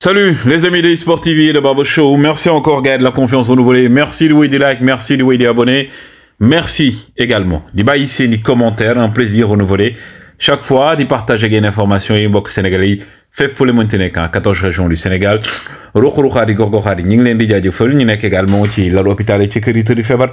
Salut les amis de eSport TV et de Barbe Show. Merci encore Gaël de la confiance renouvelée. Merci Louis des likes, merci Louis des abonnés. Merci également. Dis bah ici les commentaires, un plaisir renouvelé. Chaque fois, de partager des informations et inbox sénégalais. Fait pour les Monténégrins, hein. 14 régions du Sénégal. Rokhroukhari, Gorgokhari, Nyinglendi Djadjoufel, Nynek également, qui l'hôpital et sécurité du février.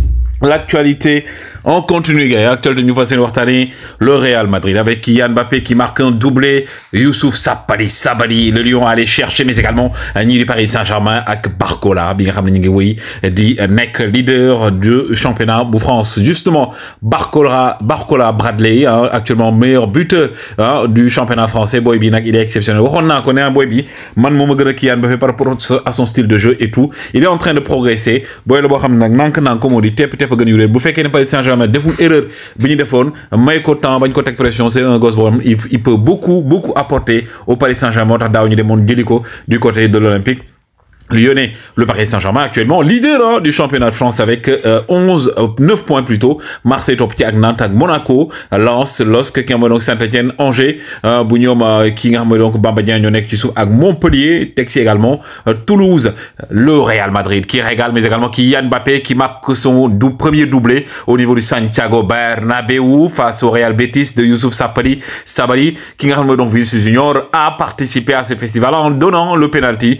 L'actualité en continu, gars. Actuel de Newfoundland Wartani, le Real Madrid, avec Yann Mbappé qui marque un doublé, Youssouf Sapali, Sabali, le Lyon à aller chercher, mais également du Paris Saint-Germain avec Barcola, dit mec leader du championnat de France. Justement, Barcola, Barcola Bradley, hein, actuellement meilleur buteur hein, du championnat français, Boybi, il est exceptionnel. On a connaît un Boybi, man Kylian Mbappé par rapport à son style de jeu et tout. Il est en train de progresser. Boy, le en comme ñëpp gën yu bu fekkee ne Paris Saint-Germain deful erreur bi ñu defoon may ko temps bañ ko teg pression c'est un gosse bon il peut beaucoup beaucoup apporter au Paris Saint-Germain moo tax daaw ñu demoon du côté de l'Olympique Lyonnais, le Paris Saint-Germain actuellement leader hein, du championnat de France avec 11 euh, 9 euh, points plus tôt. Marseille top Agnant Monaco lance LOSC Saint-Etienne Angers euh, bu Kingham, donc Montpellier également Toulouse le Real Madrid qui régale mais également qui Yann Mbappé qui marque son premier doublé au niveau du Santiago Bernabeu face au Real Betis de Youssouf Sapali Sabali King donc Vinicius Junior a participé à ce festival en donnant le penalty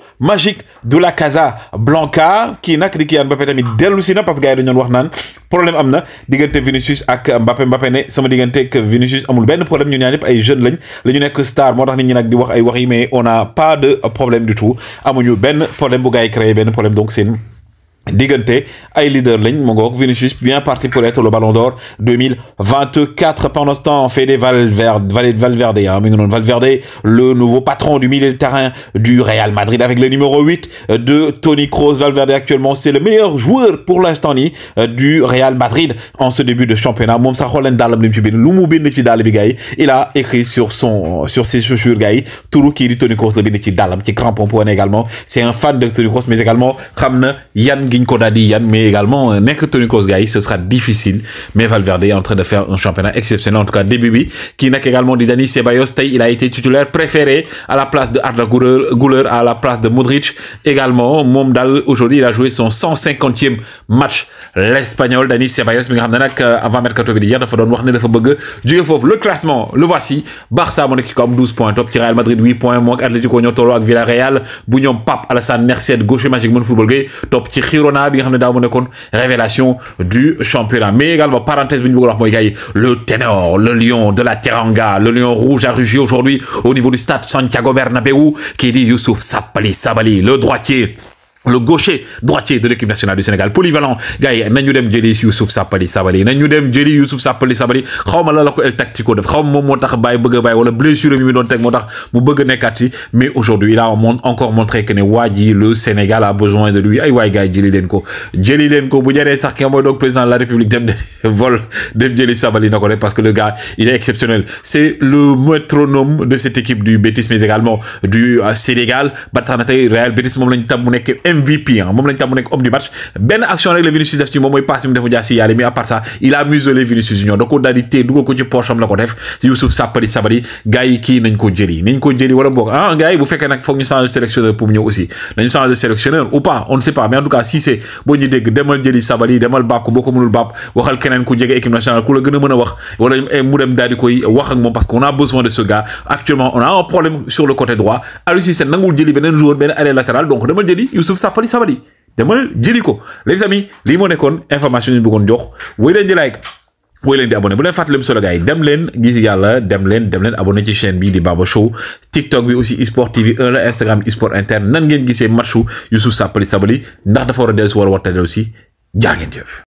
magique de la Casa Blanca kii nag di Kylian Mbappé tamit dellu si na parce que gars yi wax naan problème am na diggante Vinicius ak Mbappé Mbappé ne sama diggante ak Vinicius amul benn problème ñu ñaan ñëpp ay jeunes lañ la ñu nekk star moo tax nit ñu nag di wax ay wax yi mais on a pas de problème du tout amuñu benn problème bu gars yi créé benn problème donc seen diggante ay leader lañ Vinicius bien parti pour être le ballon d'or 2024 pendant ce temps Fede Valverde Valverde hein, Valverde le nouveau patron du milieu de terrain du Real Madrid avec le numéro 8 de Tony Kroos Valverde actuellement c'est le meilleur joueur pour l'instant ni euh, du Real Madrid en ce début de championnat Mumsa Kholen Dalam il a écrit sur son sur ses chaussures gay yi Qui dit Toni Kroos Le crampon également c'est un fan de Tony Kroos mais également Khamna yan Ginko Dadi mais également euh, Nek ce sera difficile mais Valverde est en train de faire un championnat exceptionnel en tout cas début 8 qui également dit Dani Ceballos il a été titulaire préféré à la place de Arda Guler, à la place de Modric également Momdal aujourd'hui il a joué son 150e match l'Espagnol Dani Ceballos mais il a avant mercato bi il jeex dafa doon wax le classement le voici Barça mon équipe 12 points top Real Madrid 8 points moo Atlético de Villarreal Bougnon Pap Alassane Nerset gauche magique football top révélation du championnat mais également parenthèse le ténor le lion de la Teranga le lion rouge a rugi aujourd'hui au niveau du stade Santiago Bernabeu qui dit Youssouf Sapali Sabali le droitier le gaucher droitier de l'équipe nationale du Sénégal polyvalent gars yi nañu dem jëli Youssouf Sapali Sabali nañu dem jëli Youssouf Sapali Sabali xawma la lako el tactico def xawma ma moom moo bëgg bay wala blessure mi mi don tek motax tax mu bëgg a ci mais aujourd'hui il a encore montré que ne waa le Sénégal a besoin de lui ay way gay yi jëli leen ko jëli len ko bu jëree sax ki nga donc président de la République dem de vol dem jëli Sabali na parce que le gars il est exceptionnel c'est le métronome de cette équipe du Betis mais également du euh, Sénégal ba tax Real Betis moom lañu tam mu nekk MVP hein. moom lañ tam mu nekk homme du match ben action rek le Vinicius def ci moom mooy passe bi mu def mu Yali mais à part ça il a muselé Vinicius Junior da ko daal di téye ko ci poche am la ko def Youssouf Sapari Sabari gay yi kii nañ ko jëli nañ ko jëli wala bok ah gay bu féké nak fokh ñu changer sélectionneur pour ñeu aussi nañu changer sélectionneur ou pas on ne sait pas mais en tout cas si c'est boo ñu dégg demal jëli Sabari demal bàpp ko boo mënul bàpp waxal keneen ku jégué équipe nationale ku la gëna mëna wax wala mu dem dal di koy wax ak mom parce que on a besoin de ce gars actuellement on a un problème sur le côté droit Aliou c'est nangul jëli benen joueur ben arrière latéral donc demal jëli Youssouf sàppali sabali demal jëli ko les amis lii moo nekkoon information yi ñu bëggoon jox wéy leen di like wéy leen di abonné bu leen fàttali mu solo dem leen gis yàlla dem leen dem leen abonné ci chaîne bi di Baba Show TikTok bi aussi eSport TV 1 la Instagram eSport interne nan ngeen gisee matchu Youssouf sàppali sabali ndax dafa war a dellu si wala warta dellu si jaa ngeen jëf